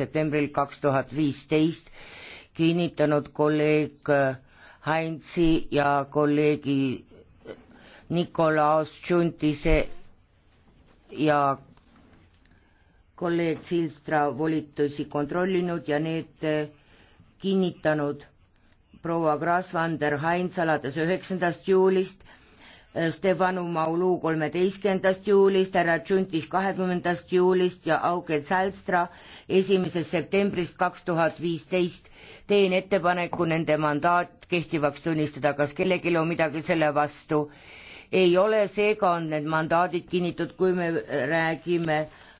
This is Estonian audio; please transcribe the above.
septembril kaks tuhat viisteist kinnitanud kolleeg Heinzi ja kolleegi Nikolaos Tšuntise ja kolleeg Silstra volitusi kontrollinud ja need kinnitanud proua Gras van der Heinz alates üheksandast juulist Äh, Stefanu Maulu kolmeteistkümnendast juulist, härra Tšuntis kahekümnendast juulist ja Auge Sälstra esimesest septembrist kaks tuhat viisteist. teen ettepaneku nende mandaat kehtivaks tunnistada, kas kellelgi on midagi selle vastu? ei ole, seega on need mandaadid kinnitud, kui me räägime